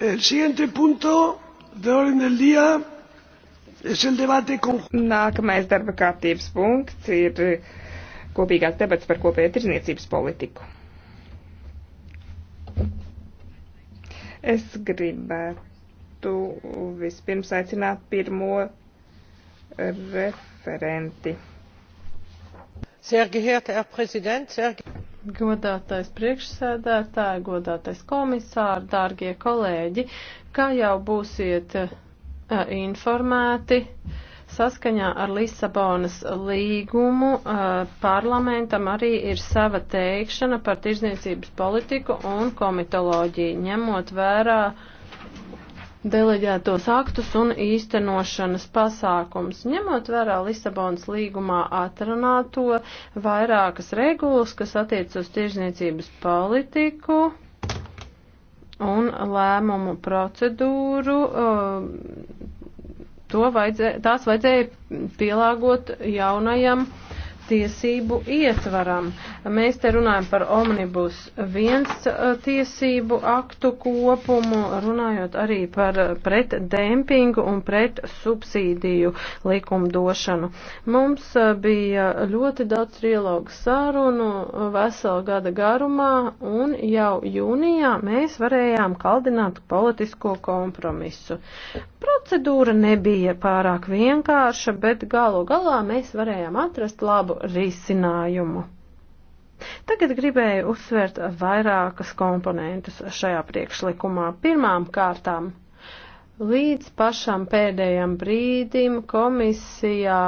el siguiente punto de orden del día es el debate Nākamais darba kārtības punkts ir eh, kopīgās debats par kopējo tirzniecības politiku. Es gribētu vispirms aicināt pirmo referenti. Godātais priekšsēdētāji, godātais komisāri, dārgie kolēģi, kā jau būsiet eh, informēti, saskaņā ar Lisabonas līgumu eh, parlamentam arī ir sava teikšana par tirzniecības politiku un komitoloģiju, ņemot vērā deleģētos aktus un īstenošanas pasākums. Ņemot vērā Lisabonas līgumā atrunāto vairākas regulas, kas attiec uz tirzniecības politiku un lēmumu procedūru, um, to vajadzē, tās vajadzēja pielāgot jaunajam tiesību ietvaram. Mēs te runājam par omnibus viens uh, tiesību aktu kopumu, runājot arī par uh, pret dempingu un pret subsīdiju likumdošanu. Mums uh, bija ļoti daudz trilogu sarunu veselu gada garumā un jau jūnijā mēs varējām kaldināt politisko kompromisu. Procedūra nebija pārāk vienkārša, bet galu galā mēs varējām atrast labu risinājumu. Tagad gribēju uzsvērt vairākas komponentes šajā priekšlikumā. Pirmām kārtām līdz pašam pēdējam brīdim komisijā,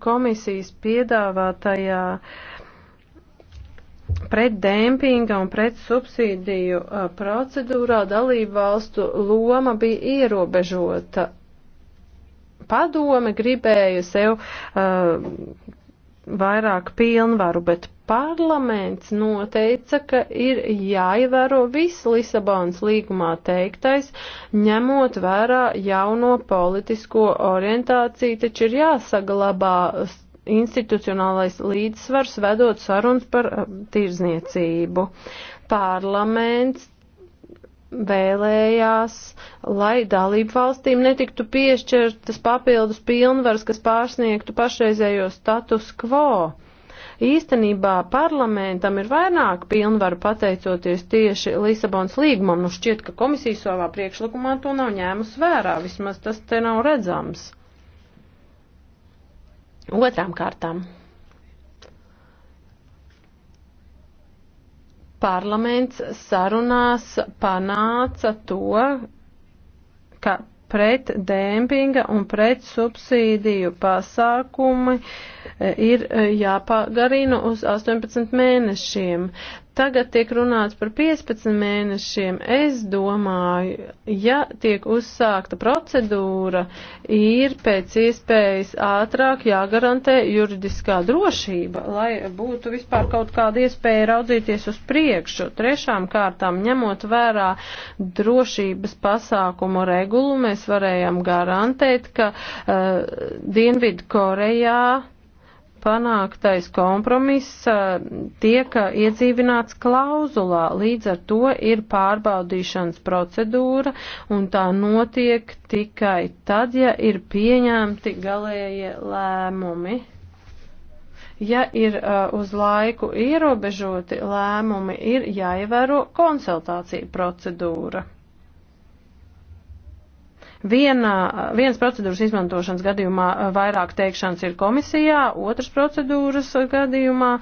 komisijas piedāvātajā pret dēmpinga un pret subsīdiju procedūrā dalību valstu loma bija ierobežota. Padome gribēja sev uh, vairāk pilnvaru, bet parlaments noteica, ka ir jāievēro viss Lisabonas līgumā teiktais, ņemot vērā jauno politisko orientāciju, taču ir jāsaglabā institucionālais līdzsvars vedot sarunas par eh, tirzniecību. Parlaments vēlējās, lai dalību valstīm netiktu piešķirtas papildus pilnvaras, kas pārsniegtu pašreizējo status quo. Īstenībā parlamentam ir vairāk pilnvaru pateicoties tieši Lisabons līgumam, nu šķiet, ka komisija savā priekšlikumā to nav ņēmus vērā, vismaz tas te nav redzams. Otrām kārtām. parlaments sarunās panāca to, ka pret dēmpinga un pret subsīdiju pasākumi e, ir e, jāpagarina uz 18 mēnešiem. Tagad tiek runāts par 15 mēnešiem. Es domāju, ja tiek uzsākta procedūra, ir pēc iespējas ātrāk jāgarantē juridiskā drošība, lai būtu vispār kaut kāda iespēja raudzīties uz priekšu. Trešām kārtām, ņemot vērā drošības pasākumu regulu, mēs varējām garantēt, ka uh, eh, Dienvidu Korejā panāktais kompromiss tiek iedzīvināts klauzulā, līdz ar to ir pārbaudīšanas procedūra, un tā notiek tikai tad, ja ir pieņemti galējie lēmumi. Ja ir uh, uz laiku ierobežoti lēmumi, ir jāievēro konsultācija procedūra. Viena, viens procedūras izmantošanas gadījumā eh, vairāk teikšanas ir komisijā, otras procedūras gadījumā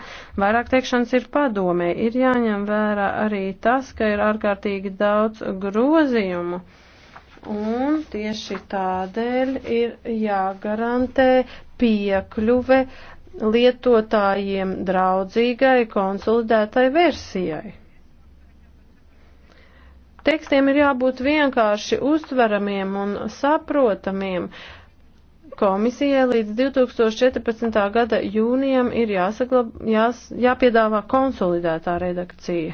vairāk teikšanas ir padomē. Ir jāņem vērā arī tas, ka ir ārkārtīgi daudz grozījumu. Un tieši tādēļ ir jāgarantē piekļuve lietotājiem draudzīgai konsolidētai versijai. Tekstiem ir jābūt vienkārši uztveramiem un saprotamiem. Komisijai līdz 2014. gada jūnijam ir jāsaglab, jās, jāpiedāvā konsolidētā redakcija.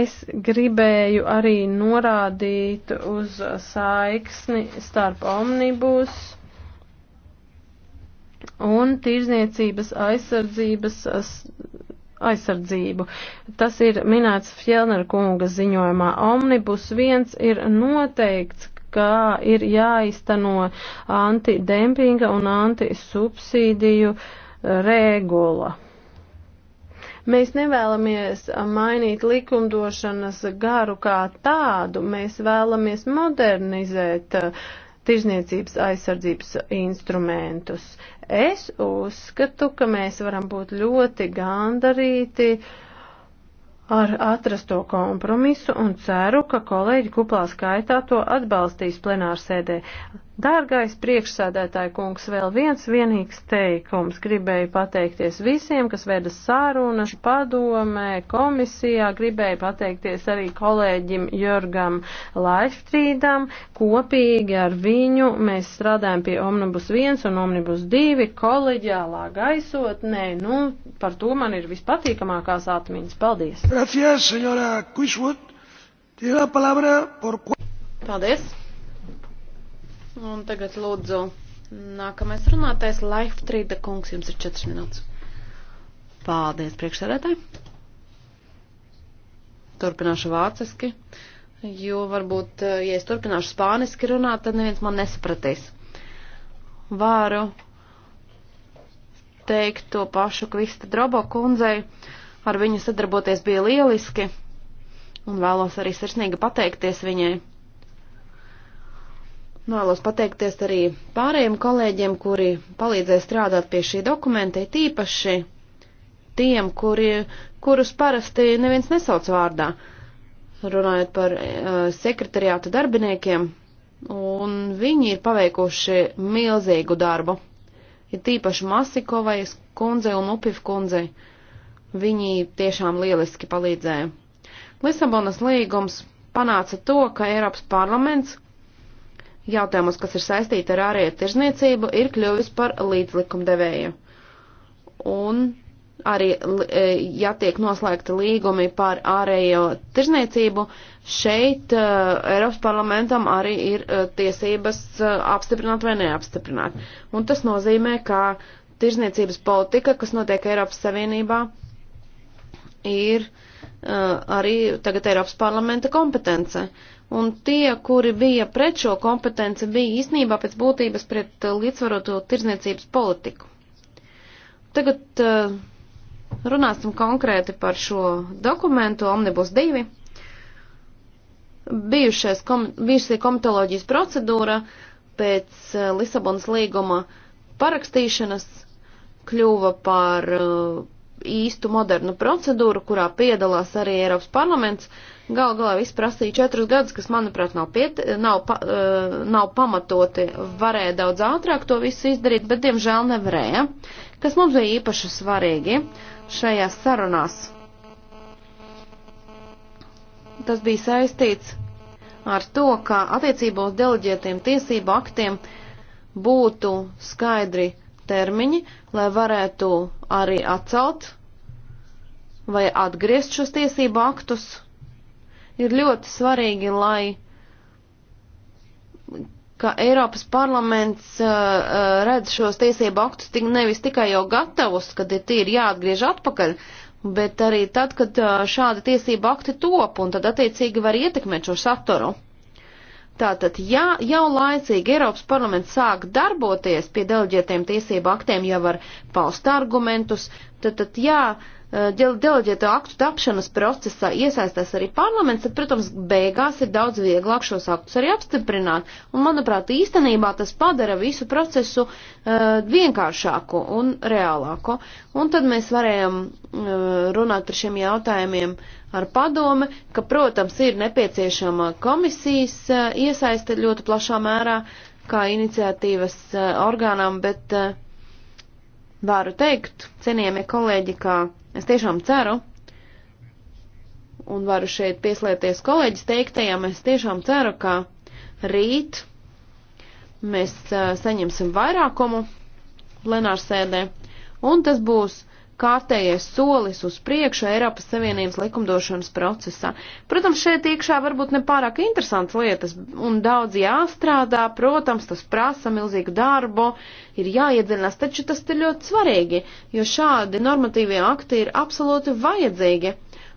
Es gribēju arī norādīt uz saiksni starp omnibus un tirzniecības aizsardzības aizsardzību. Tas ir minēts Fjellner kunga ziņojumā. Omnibus viens ir noteikts, kā ir jāiztano antidempinga un antisubsīdiju eh, regula. Mēs nevēlamies mainīt likumdošanas garu kā tādu, mēs vēlamies modernizēt eh, tirzniecības aizsardzības instrumentus. Es uzskatu, ka mēs varam būt ļoti gandarīti ar atrasto kompromisu un ceru, ka kolēģi kuplā skaitā to atbalstīs plenārsēdē. Dārgais priekšsādētāji kungs, vēl viens vienīgs teikums. Gribēju pateikties visiem, kas veda sārunas padomē, komisijā. Gribēju pateikties arī kolēģim Jorgam Laifrīdam. Kopīgi ar viņu mēs strādājam pie Omnibus 1 un Omnibus 2 koleģiālā gaisotnē. Nu, par to man ir vispatīkamākās atmiņas. Paldies! Gracias, señora Quiswood. Tiene la palabra por... Paldies! Un tagad lūdzu nākamais runātais Laiftrīda kungs, jums ir 4 minūtes. Paldies, priekšsēdētāji. Turpināšu vāciski, jo varbūt, eh, ja es turpināšu spāniski runāt, tad neviens man nesapratīs. Vāru teikt to pašu Kvista Drobo kundzei. Ar viņu sadarboties bija lieliski, un vēlos arī sirsnīgi pateikties viņai Vēlos pateikties arī pārējiem kolēģiem, kuri palīdzēja strādāt pie šī dokumenta, tīpaši tiem, kuri, kurus parasti neviens nesauc vārdā, runājot par uh, eh, sekretariāta darbiniekiem, un viņi ir paveikuši milzīgu darbu. Ir ja tīpaši Masikovai kundze un Upiv kundze. Viņi tiešām lieliski palīdzēja. Lisabonas līgums panāca to, ka Eiropas parlaments jautājumus, kas ir saistīti ar ārēju tirzniecību, ir kļuvis par līdzlikumdevēju. Un arī, e, ja tiek noslēgta līgumi par ārējo tirzniecību, šeit uh, Eiropas parlamentam arī ir uh, tiesības uh, apstiprināt vai neapstiprināt. Un tas nozīmē, ka tirzniecības politika, kas notiek Eiropas Savienībā, ir arī tagad Eiropas parlamenta kompetence un tie, kuri bija pret šo kompetenci, bija īstenībā pēc būtības pret uh, līdzvaroto tirzniecības politiku. Tagad uh, runāsim konkrēti par šo dokumentu Omnibus 2. Bijušais kom, bijušie komitoloģijas procedūra pēc uh, Lisabonas līguma parakstīšanas kļuva par uh, īstu modernu procedūru, kurā piedalās arī Eiropas parlaments, uh, Gal galā viss prasīja četrus gadus, kas, manuprāt, nav, piet, nav, pa, nav pamatoti. Varēja daudz ātrāk to visu izdarīt, bet, diemžēl, nevarēja. Kas mums bija īpaši svarīgi šajās sarunās? Tas bija saistīts ar to, ka attiecībā uz deleģētiem tiesību aktiem būtu skaidri termiņi, lai varētu arī atcelt vai atgriezt šos tiesību aktus Ir ļoti svarīgi, lai ka Eiropas parlaments uh, uh, redz šos tiesību aktus tik, nevis tikai jau gatavus, kad ir tie ir jāatgriež atpakaļ, bet arī tad, kad uh, šādi tiesību akti top un tad attiecīgi var ietekmēt šo saturu. Tātad, ja jau laicīgi Eiropas parlaments sāk darboties pie deleģētiem tiesību aktiem, jau var paust argumentus, tad, tad jā, uh, Eh, deleģēto aktu tapšanas procesā iesaistās arī parlaments, tad, protams, beigās ir daudz vieglāk šos aktus arī apstiprināt. Un, manuprāt, īstenībā tas padara visu procesu uh, vienkāršāku un reālāku. Un tad mēs varējām uh, runāt par šiem jautājumiem ar padome, ka, protams, ir nepieciešama komisijas uh, iesaiste ļoti plašā mērā kā iniciatīvas uh, orgānam, bet uh, varu teikt, cienījamie kolēģi, ka Es tiešām ceru, un varu šeit pieslēgties kolēģis teiktajam, es tiešām ceru, ka rīt mēs saņemsim vairākumu plenārsēdē, un tas būs kārtējais solis uz priekšu Eiropas Savienības likumdošanas procesā. Protams, šeit iekšā varbūt nepārāk interesants lietas un daudz jāstrādā, protams, tas prasa milzīgu darbu, ir jāiedziļinās, taču tas ir ļoti svarīgi, jo šādi normatīvie akti ir absolūti vajadzīgi.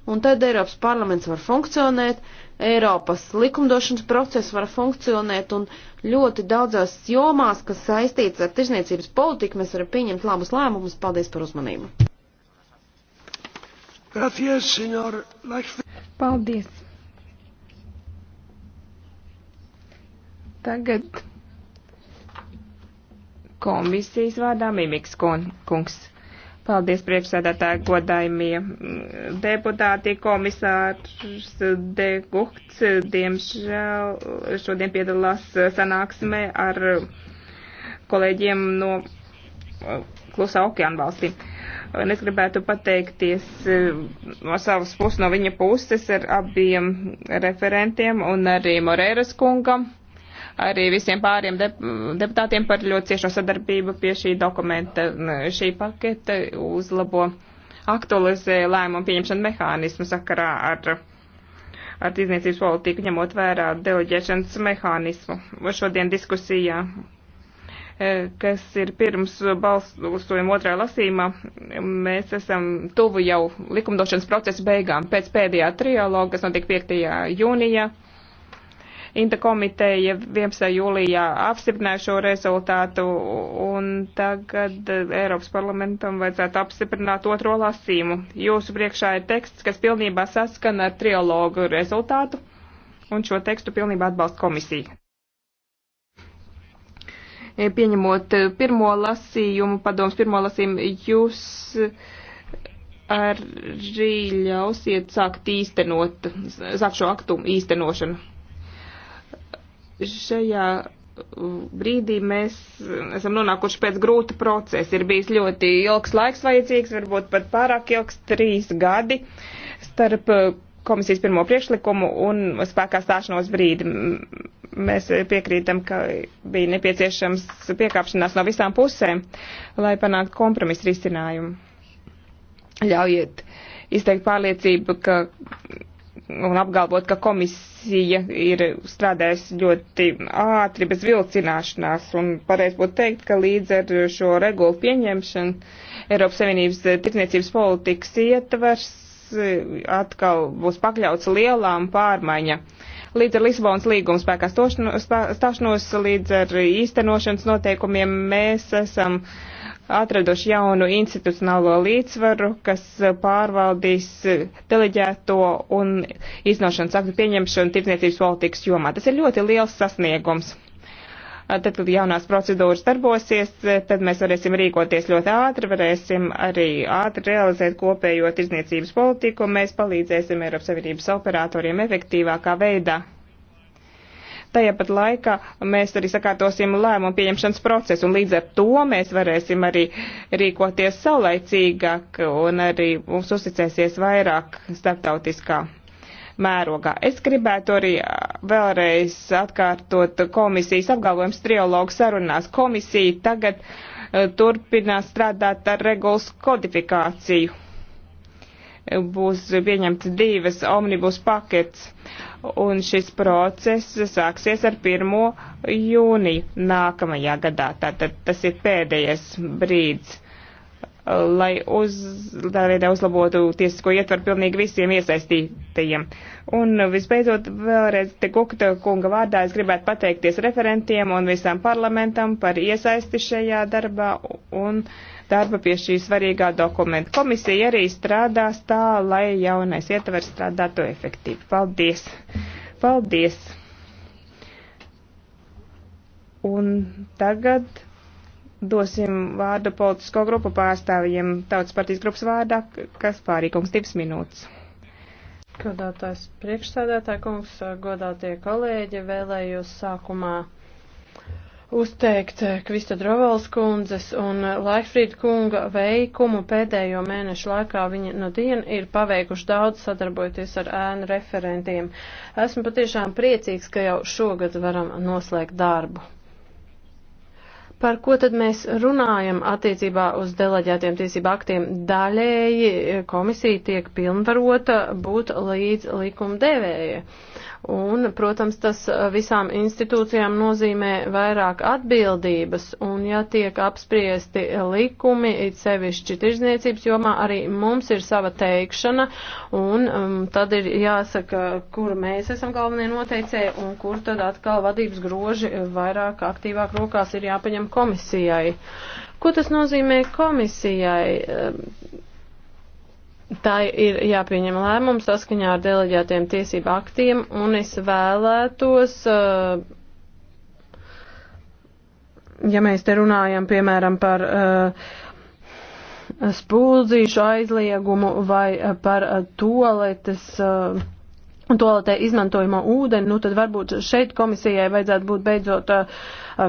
Un tad Eiropas parlaments var funkcionēt, Eiropas likumdošanas process var funkcionēt un ļoti daudzās jomās, kas saistīts ar tirzniecības politiku, mēs varam pieņemt labus lēmumus. Paldies par uzmanību! Gracias, senor Paldies. Tagad komisijas vārdā Mimiks kungs. Paldies priekšsēdētāji godājumie mm, deputāti, komisārs Degukts, diemžēl šodien piedalās sanāksmē ar kolēģiem no Klusā okeāna valstīm un es gribētu pateikties eh, no savas puses, no viņa puses ar abiem referentiem un arī Moreiras kungam, arī visiem pāriem deputātiem par ļoti ciešo sadarbību pie šī dokumenta. Šī paketa uzlabo aktualizē lēmumu pieņemšanu mehānismu sakarā ar ar tīzniecības politiku, ņemot vērā deleģēšanas mehānismu. Šodien diskusijā Eh, kas ir pirms balsojuma otrā lasīmā. Mēs esam tuvu jau likumdošanas procesa beigām. Pēc pēdējā trialoga, kas notika 5. jūnijā, Inta komiteja 11. jūlijā apstiprināja šo rezultātu, un tagad eh, Eiropas parlamentam vajadzētu apstiprināt otro lasīmu. Jūsu priekšā ir teksts, kas pilnībā saskana ar trialogu rezultātu, un šo tekstu pilnībā atbalsta komisija. Eh, pieņemot eh, pirmo lasījumu, padoms pirmo lasījumu, jūs eh, arī ļausiet sākt īstenot, sākt šo aktu īstenošanu. Šajā brīdī mēs esam nonākuši pēc grūta procesa. Ir bijis ļoti ilgs laiks vajadzīgs, varbūt pat pārāk ilgs, trīs gadi starp komisijas pirmo priekšlikumu un spēkā stāšanos brīdi. Mēs piekrītam, ka bija nepieciešams piekāpšanās no visām pusēm, lai panāktu kompromisu risinājumu. Ļaujiet izteikt pārliecību, ka un apgalvot, ka komisija ir strādājusi ļoti ātri, bez vilcināšanās, un pareiz būtu teikt, ka līdz ar šo regulu pieņemšanu Eiropas Savienības tirdzniecības politikas ietvers atkal būs pakļauts lielām pārmaiņām. Līdz ar Lisabonas līguma spēkā stāšanos, līdz ar īstenošanas noteikumiem mēs esam atraduši jaunu institucionālo līdzsvaru, kas pārvaldīs deleģēto un iznošanas aktu pieņemšanu tirdzniecības politikas jomā. Tas ir ļoti liels sasniegums. Tad, kad jaunās procedūras darbosies, tad mēs varēsim rīkoties ļoti ātri, varēsim arī ātri realizēt kopējo tirzniecības politiku, un mēs palīdzēsim Eiropas Savienības operatoriem efektīvākā veidā. Tajā pat laikā mēs arī sakārtosim lēmumu pieņemšanas procesu, un līdz ar to mēs varēsim arī rīkoties saulaicīgāk, un arī mums uzticēsies vairāk starptautiskā mērogā. Es gribētu arī vēlreiz atkārtot komisijas apgalvojums triologu sarunās. Komisija tagad turpinās strādāt ar regulas kodifikāciju būs pieņemts divas omnibus pakets, un šis process sāksies ar 1. jūniju nākamajā gadā. Tātad tas ir pēdējais brīdis lai uz, tā veidā uzlabotu tiesisko ietvaru pilnīgi visiem iesaistītajiem. Un visbeidzot, vēlreiz te Gukta kunga vārdā es gribētu pateikties referentiem un visām parlamentam par iesaisti šajā darbā un darba pie šī svarīgā dokumenta. Komisija arī strādās tā, lai jaunais ietvers strādātu efektīvi. Paldies! Paldies! Un tagad dosim vārdu politisko grupu pārstāvjiem Tautas partijas grupas vārdā, kas pārīkums divas minūtes. Godātais priekšsēdētāj kungs, godātie kolēģi, vēlējos sākumā uzteikt Kvista Drovals kundzes un Laikfrīda kunga veikumu pēdējo mēnešu laikā. Viņi no nu diena ir paveikuši daudz sadarbojoties ar ēnu referentiem. Esmu patiešām priecīgs, ka jau šogad varam noslēgt darbu. Par ko tad mēs runājam attiecībā uz deleģētiem tiesību aktiem? Daļēji komisija tiek pilnvarota būt līdz likuma devēja. Un, protams, tas uh, visām institūcijām nozīmē vairāk atbildības, un ja tiek apspriesti likumi, it sevišķi tirzniecības jomā, arī mums ir sava teikšana, un um, tad ir jāsaka, kur mēs esam galvenie noteicēji, un kur tad atkal vadības groži vairāk aktīvāk rokās ir jāpaņem komisijai. Ko tas nozīmē komisijai? Um, Tā ir jāpieņem lēmums saskaņā ar deleģētiem tiesību aktiem, un es vēlētos, eh, ja mēs te runājam, piemēram, par eh, spuldzīšu aizliegumu vai eh, par toaletes, toaletē izmantojamo ūdeni, nu tad varbūt šeit komisijai vajadzētu būt beidzot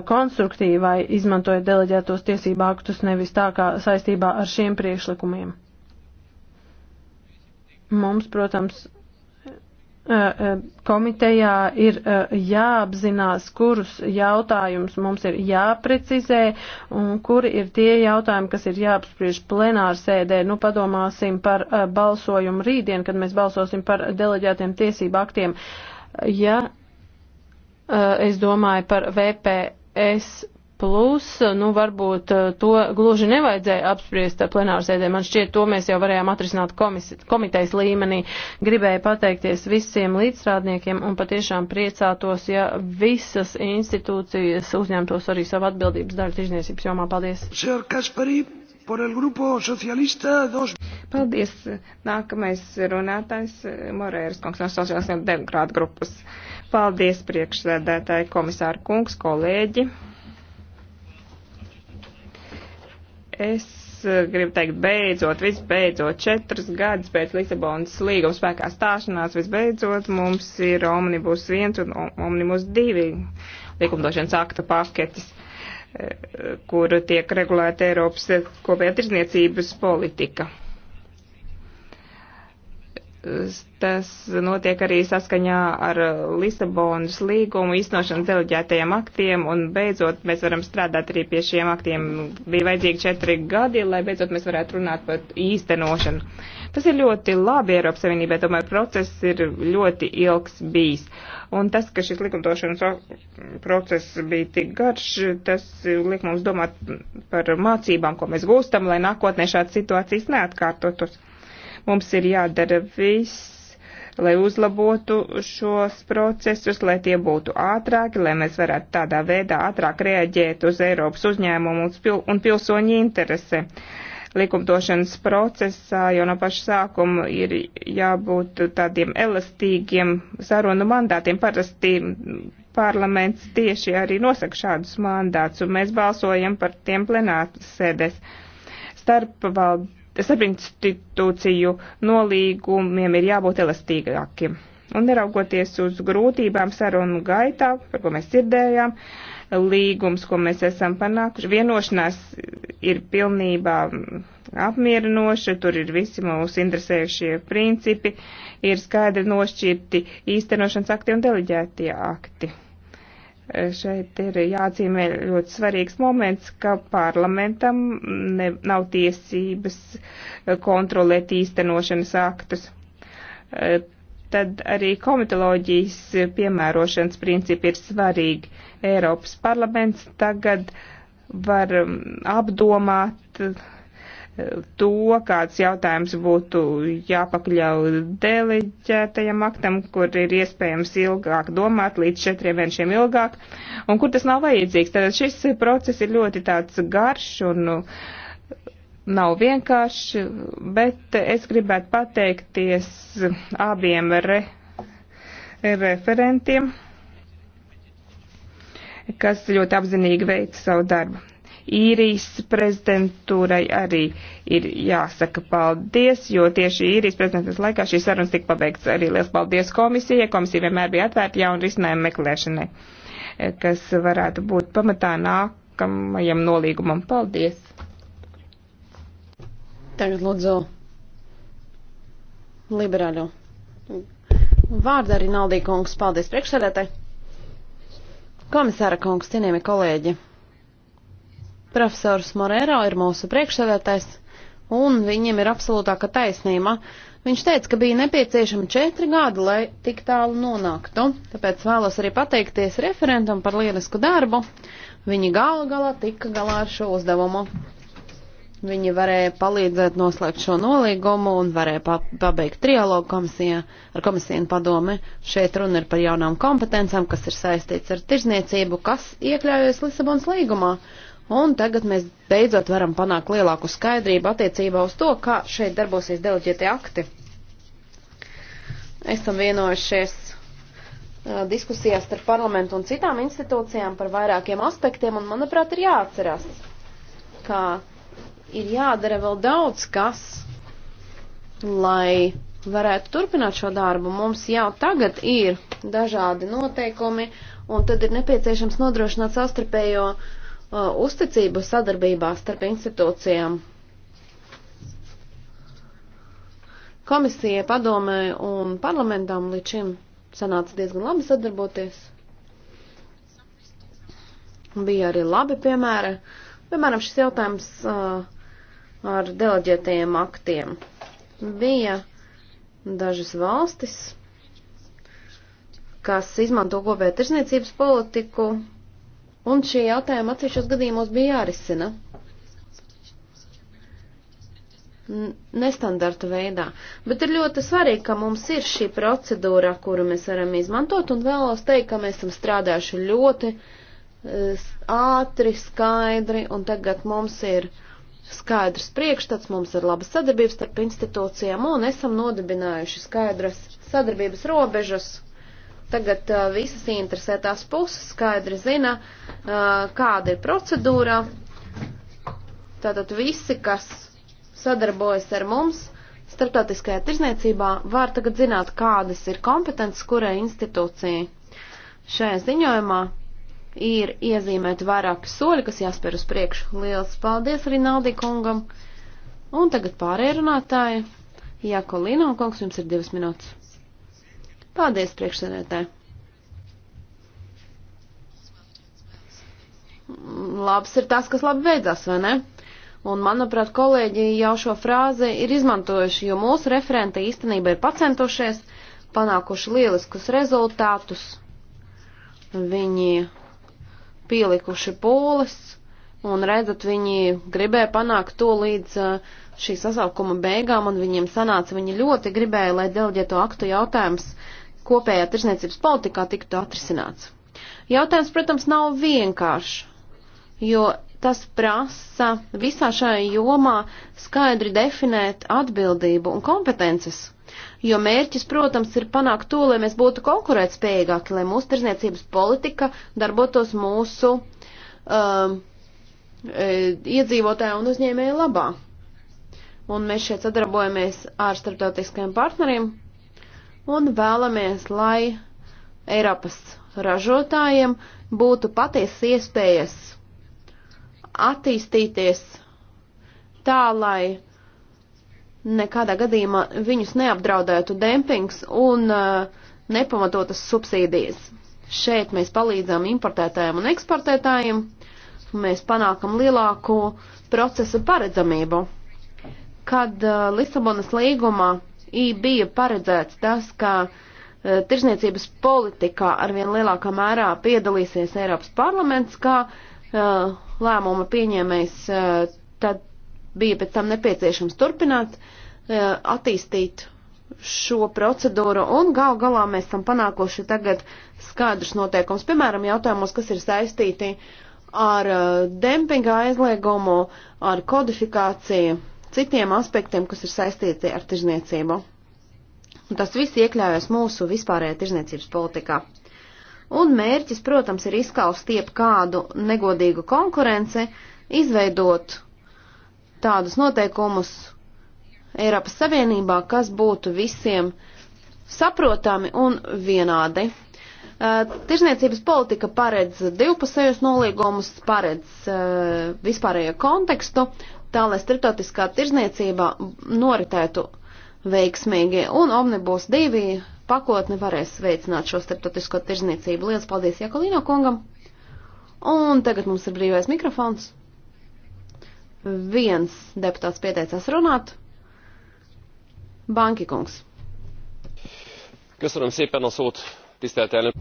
konstruktīvai, izmantojot deleģētos tiesību aktus, nevis tā kā saistībā ar šiem priekšlikumiem. Mums, protams, komitejā ir jāapzinās, kurus jautājumus mums ir jāprecizē un kuri ir tie jautājumi, kas ir jāapspriež plenārsēdē. Nu, padomāsim par balsojumu rītdien, kad mēs balsosim par deleģētiem tiesību aktiem. Ja es domāju par VPS Plus, nu, varbūt eh, to gluži nevajadzēja apspriest plenārsēdē. Man šķiet, to mēs jau varējām atrisināt komis, komitejas līmenī. Gribēju pateikties visiem līdzstrādniekiem un patiešām priecātos, ja visas institūcijas uzņemtos arī savu atbildības daļu tirzniecības jomā. Paldies! Paldies! Nākamais runātājs eh, Morēras kungs no sociālās demokrāta grupas. Paldies priekšsēdētāji, komisāra kungs, kolēģi! Es eh, gribu teikt, beidzot, visbeidzot, četrus gadus pēc Lisabonas līguma spēkā stāšanās, visbeidzot mums ir Omnibus 1 un Omnibus 2 likumdošanas akta paketes eh, kur tiek regulēta Eiropas eh, kopējā tirzniecības politika. Tas notiek arī saskaņā ar Lisabonas līgumu, iznošanu deleģētajiem aktiem, un beidzot mēs varam strādāt arī pie šiem aktiem. Bija vajadzīgi četri gadi, lai beidzot mēs varētu runāt par īstenošanu. Tas ir ļoti labi Eiropas Savienībai, tomēr process ir ļoti ilgs bijis. Un tas, ka šis likumdošanas process bija tik garš, tas liek mums domāt par mācībām, ko mēs gūstam, lai nākotnē šādas situācijas neatkārtotos. Mums ir jādara viss, lai uzlabotu šos procesus, lai tie būtu ātrāki, lai mēs varētu tādā veidā ātrāk reaģēt uz Eiropas uzņēmumu un pilsoņu interese. Likumdošanas procesā jau no paša sākuma ir jābūt tādiem elastīgiem sarunu mandātiem. Parasti parlaments tieši arī nosaka šādus mandātus, un mēs balsojam par tiem plenārsēdēs. Starp vald starp institūciju nolīgumiem ir jābūt elastīgākiem. Un neraugoties uz grūtībām sarunu gaitā, par ko mēs dzirdējām, līgums, ko mēs esam panākuši, vienošanās ir pilnībā apmierinoša, tur ir visi mūsu interesējušie principi, ir skaidri nošķirti īstenošanas akti un deleģētie akti. Šeit ir jāatzīmē ļoti svarīgs moments, ka parlamentam ne, nav tiesības kontrolēt īstenošanas aktus. E, tad arī komitoloģijas piemērošanas principi ir svarīgi. Eiropas parlaments tagad var apdomāt to, kāds jautājums būtu jāpakļauj deleģētajam aktam, kur ir iespējams ilgāk domāt, līdz četriem mēnešiem ilgāk, un kur tas nav vajadzīgs. Tātad šis process ir ļoti tāds garš un nu, nav vienkārši, bet es gribētu pateikties abiem re, referentiem, kas ļoti apzinīgi veica savu darbu īrijas prezidentūrai arī ir jāsaka paldies, jo tieši īrijas prezidentūras laikā šīs sarunas tika pabeigts. Arī liels paldies komisijai. Komisija vienmēr bija atvērta jaunu risinājumu meklēšanai, eh, kas varētu būt pamatā nākamajam nolīgumam. Paldies! Tagad lūdzu liberāļu. Vārdu arī Naldī kungs. Paldies priekšsēdētāji. Komisāra kungs, cienījami kolēģi. Profesors Morero ir mūsu priekšsēdētājs, un viņam ir absolūtāka taisnība. Viņš teica, ka bija nepieciešami četri gadi, lai tik tālu nonāktu. Tāpēc vēlos arī pateikties referentam par lielisku darbu. Viņi gala galā tika galā ar šo uzdevumu. Viņi varēja palīdzēt noslēgt šo nolīgumu un varēja pa pabeigt trialogu komisijā ar komisiju padomi. Šeit runa ir par jaunām kompetencām, kas ir saistīts ar tirzniecību, kas iekļaujas Lisabonas līgumā. Un tagad mēs beidzot varam panākt lielāku skaidrību attiecībā uz to, kā šeit darbosies deleģēti akti. Esam vienojušies uh, diskusijās ar parlamentu un citām institūcijām par vairākiem aspektiem, un manuprāt ir jāatcerās, ka ir jādara vēl daudz kas, lai varētu turpināt šo darbu. Mums jau tagad ir dažādi noteikumi, un tad ir nepieciešams nodrošināt sastarpējo uh, Uh, uzticību sadarbībā starp institūcijām. Komisija, padomē un parlamentam līdz šim sanāca diezgan labi sadarboties. Bija arī labi piemēri, piemēram, šis jautājums uh, ar deleģētajiem aktiem. Bija dažas valstis, kas izmanto kopēju tirsniecības politiku, un šie jautājumi atsevišķos gadījumos bija jārisina nestandarta veidā. Bet ir ļoti svarīgi, ka mums ir šī procedūra, kuru mēs varam izmantot, un vēlos teikt, ka mēs esam strādājuši ļoti ātri, skaidri, un tagad mums ir skaidrs priekšstats, mums ir laba sadarbības starp institūcijām, un esam nodibinājuši skaidras sadarbības robežas Tagad uh, visas interesētās puses skaidri zina, uh, kāda ir procedūra. Tātad visi, kas sadarbojas ar mums starptautiskajā tirzniecībā, var tagad zināt, kādas ir kompetences kurai institūcijai. Šajā ziņojumā ir iezīmēti vairāki soļi, kas jāspēr uz priekšu. Liels paldies arī Naudī kungam. Un tagad pārējie runātāji. Jāko Līnau kungs, jums ir divas minūtes. Paldies, priekšsēdētāji! Labs ir tas, kas labi beidzās, vai ne? Un, manuprāt, kolēģi jau šo frāzi ir izmantojuši, jo mūsu referenti īstenībā ir pacentušies, panākuši lieliskus rezultātus, viņi pielikuši pūles, un redzat, viņi gribēja panākt to līdz uh, šī sasaukuma beigām, un viņiem sanāca, viņi ļoti gribēja, lai delģēto aktu jautājums kopējā tirsniecības politikā tiktu atrisināts. Jautājums, protams, nav vienkāršs, jo tas prasa visā šajā jomā skaidri definēt atbildību un kompetences. Jo mērķis, protams, ir panākt to, lai mēs būtu konkurētspējīgāki, lai mūsu tirzniecības politika darbotos mūsu um, e, iedzīvotāju un uzņēmēju labā. Un mēs šeit sadarbojamies ar starptautiskajiem partneriem, un vēlamies, lai Eiropas ražotājiem būtu patiesi iespējas attīstīties tā, lai nekādā gadījumā viņus neapdraudētu dempings un uh, nepamatotas subsīdijas. Šeit mēs palīdzam importētājiem un eksportētājiem, mēs panākam lielāku procesa paredzamību. Kad uh, Lisabonas līgumā bija paredzēts tas, ka uh, tirzniecības politikā arvien lielākā mērā piedalīsies Eiropas parlaments, kā uh, lēmuma pieņēmējs, uh, tad bija pēc tam nepieciešams turpināt attīstīt šo procedūru, un gal galā mēs tam panākoši tagad skaidrs noteikums, piemēram, jautājumos, kas ir saistīti ar dempinga aizliegumu, ar kodifikāciju, citiem aspektiem, kas ir saistīti ar tirzniecību. Un tas viss iekļaujas mūsu vispārējā tirzniecības politikā. Un mērķis, protams, ir izskaust tiep kādu negodīgu konkurenci, izveidot tādus noteikumus Eiropas Savienībā, kas būtu visiem saprotami un vienādi. Uh, tirzniecības politika paredz divpusējos nolīgumus, paredz uh, vispārējo kontekstu, tā lai starptautiskā tirzniecība noritētu veiksmīgi, un Omnibus 2 pakotne varēs veicināt šo starptautisko tirzniecību. Lielas paldies Jakolino kungam! Un tagad mums ir brīvais mikrofons. Viens deputāts pieteicās runāt. Banki kungs. Köszönöm szépen a szót, tisztelt elnök.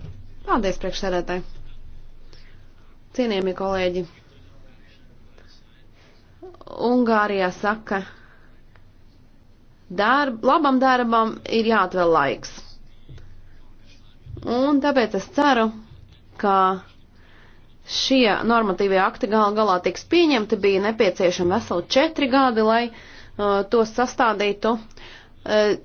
Paldies, priekšsēdētāji. Cienījamie kolēģi, Ungārijā saka, darb, labam darbam ir jāatvēl laiks. Un tāpēc es ceru, ka šie normatīvie akti gal galā tiks pieņemti. Bija nepieciešami veseli četri gadi, lai uh, tos sastādītu. Uh,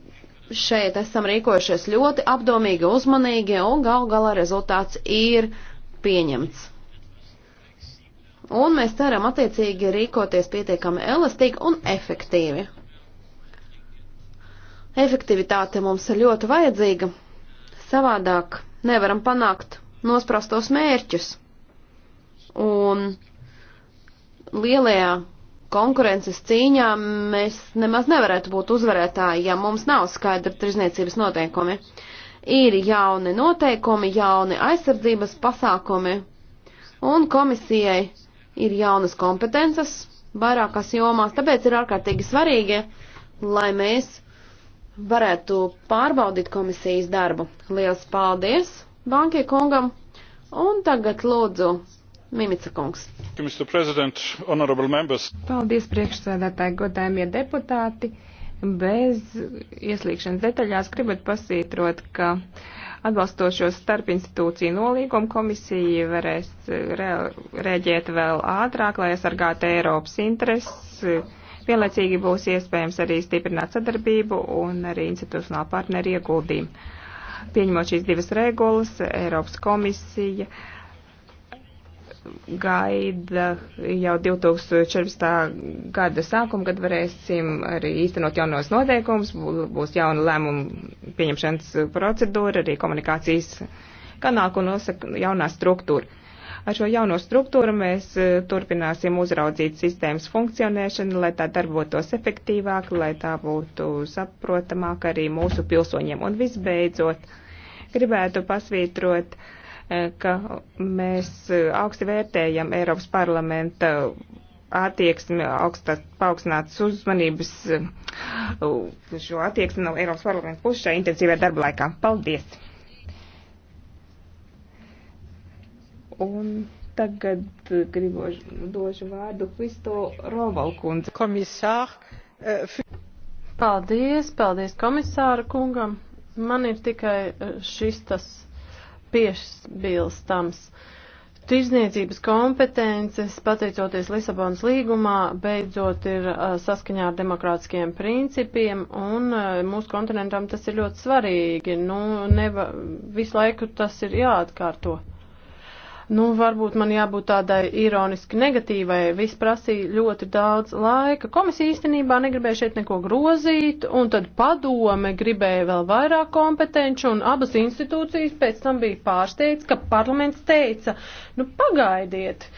šeit esam rīkojušies ļoti apdomīgi, uzmanīgi, un gal galā rezultāts ir pieņemts un mēs ceram attiecīgi rīkoties pietiekami elastīgi un efektīvi. Efektivitāte mums ir ļoti vajadzīga, savādāk nevaram panākt nosprastos mērķus. Un lielajā konkurences cīņā mēs nemaz nevarētu būt uzvarētāji, ja mums nav skaidri tirzniecības noteikumi. Ir jauni noteikumi, jauni aizsardzības pasākumi, un komisijai ir jaunas kompetences vairākās jomās, tāpēc ir ārkārtīgi svarīgi, lai mēs varētu pārbaudīt komisijas darbu. Liels paldies bankie kungam, un tagad lūdzu Mimica kungs. Paldies priekšsēdētāji, godājumie deputāti bez ieslīgšanas detaļās gribat pasītrot, ka atbalstošos starp institūciju nolīgumu komisija varēs eh, re rēģēt vēl ātrāk, lai aizsargātu Eiropas intereses. Vienlaicīgi būs iespējams arī stiprināt sadarbību un arī institucionālu partneru ieguldījumu. Pieņemot šīs divas regulas, Eiropas komisija uh, gaida jau 2014. gada sākuma, kad varēsim arī īstenot jaunos noteikumus, būs jauna lēmuma pieņemšanas procedūra, arī komunikācijas kanāku nosaka jaunā struktūra. Ar šo jauno struktūru mēs e, turpināsim uzraudzīt sistēmas funkcionēšanu, lai tā darbotos efektīvāk, lai tā būtu saprotamāk arī mūsu pilsoņiem. Un visbeidzot, gribētu pasvītrot uh, ka mēs augsti vērtējam Eiropas parlamenta attieksmi, augstās paaugstinātas uzmanības, uh, šo attieksmi no Eiropas parlamenta puses šajā intensīvajā darba laikā. Paldies! Un tagad uh, gribu došu vārdu Kristo Rovalkundze. Komisār. Uh, paldies, paldies komisāra kungam. Man ir tikai šis tas piesbilstams. Tirzniecības kompetences, pateicoties Lisabonas līgumā, beidzot ir saskaņā ar demokrātiskiem principiem, un mūsu kontinentam tas ir ļoti svarīgi. Nu, neva, visu laiku tas ir jāatkārto. Nu, varbūt man jābūt tādai ironiski negatīvai. Viss prasīja ļoti daudz laika. Komisija īstenībā negribēja šeit neko grozīt, un tad padome gribēja vēl vairāk kompetenci, un abas institūcijas pēc tam bija pārsteigts, ka parlaments teica, nu, pagaidiet,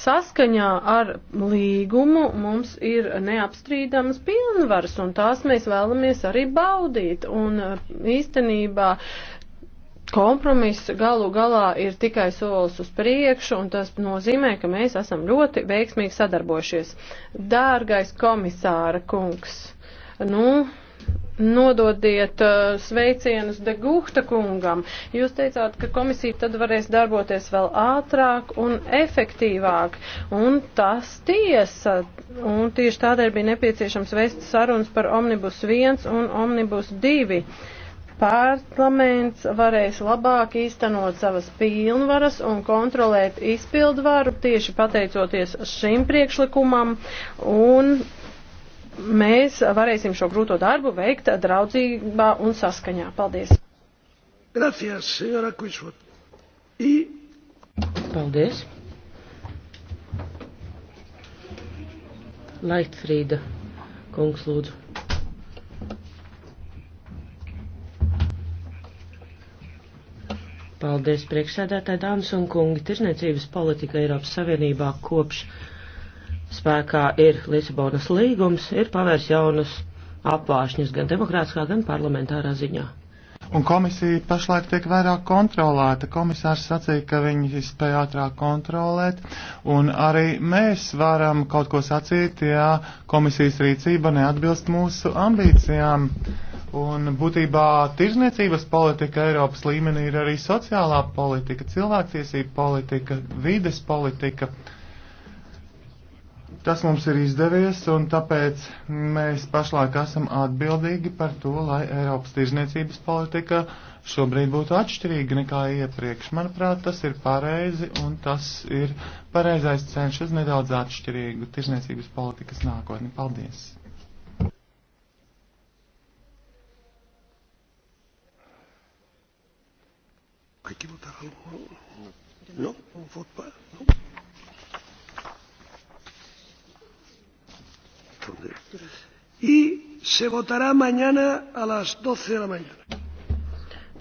Saskaņā ar līgumu mums ir neapstrīdamas pilnvaras, un tās mēs vēlamies arī baudīt. Un īstenībā kompromiss galu galā ir tikai solis uz priekšu, un tas nozīmē, ka mēs esam ļoti veiksmīgi sadarbojušies. Dārgais komisāra kungs, nu, nododiet uh, sveicienus de Guhta kungam. Jūs teicāt, ka komisija tad varēs darboties vēl ātrāk un efektīvāk, un tas tiesa. Un tieši tādēļ bija nepieciešams vest sarunas par Omnibus 1 un Omnibus 2. Parlaments varēs labāk īstenot savas pilnvaras un kontrolēt izpildvaru tieši pateicoties šim priekšlikumam un mēs varēsim šo grūto darbu veikt draudzībā un saskaņā. Paldies! Gracias, señora Kuisvot. I... Paldies! Laitfrīda kungs lūdzu. Paldies, priekšsēdētāji, dāmas un kungi. Tirzniecības politika Eiropas Savienībā kopš spēkā ir Lisabonas līgums, ir pavērs jaunas apvāršņas gan demokrātiskā, gan parlamentārā ziņā. Un komisija pašlaik tiek vairāk kontrolēta. Komisārs sacīja, ka viņi spēja ātrāk kontrolēt, un arī mēs varam kaut ko sacīt, ja komisijas rīcība neatbilst mūsu ambīcijām. Uh, Un būtībā tirzniecības politika Eiropas līmenī ir arī sociālā politika, cilvēktiesība politika, vides politika. Tas mums ir izdevies, un tāpēc mēs pašlaik esam atbildīgi par to, lai Eiropas tirzniecības politika šobrīd būtu atšķirīga nekā iepriekš. Manuprāt, tas ir pareizi, un tas ir pareizais cenšas nedaudz atšķirīgu tirzniecības politikas nākotni. Paldies! Après qui votera non Non, on ne vote pas. Non. Attendez. Y se votará mañana a las 12 de la mañana.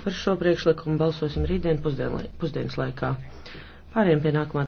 Par šo priekšlikumu balsosim rītdien pusdien, pusdienas laikā. Pāriem pie nākamā.